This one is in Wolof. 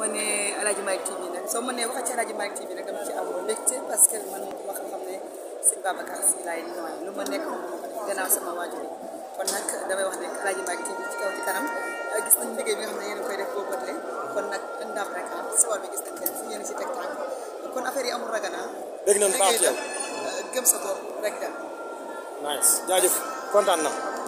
man ne El Hadj Malick TV nag soo mënee waxee ci El Hadj Malick TV nag dama ci am mbégte parce que man ma xam ne sëñ Babacar si laay nooy lu ma nekk moom gannaaw sama waajur kon nag damay wax ne El Hadj Malick TV kanam ah, gis nañ liggéey bi nga xam ne yéen a koy kon nag ndax rek ah sawar bi gis nañ leen si teg tànk kon affaire yi amul ragana ah. dégg nañ baax yow ah, gëm sa bopp rek dem jaajëf kontaan na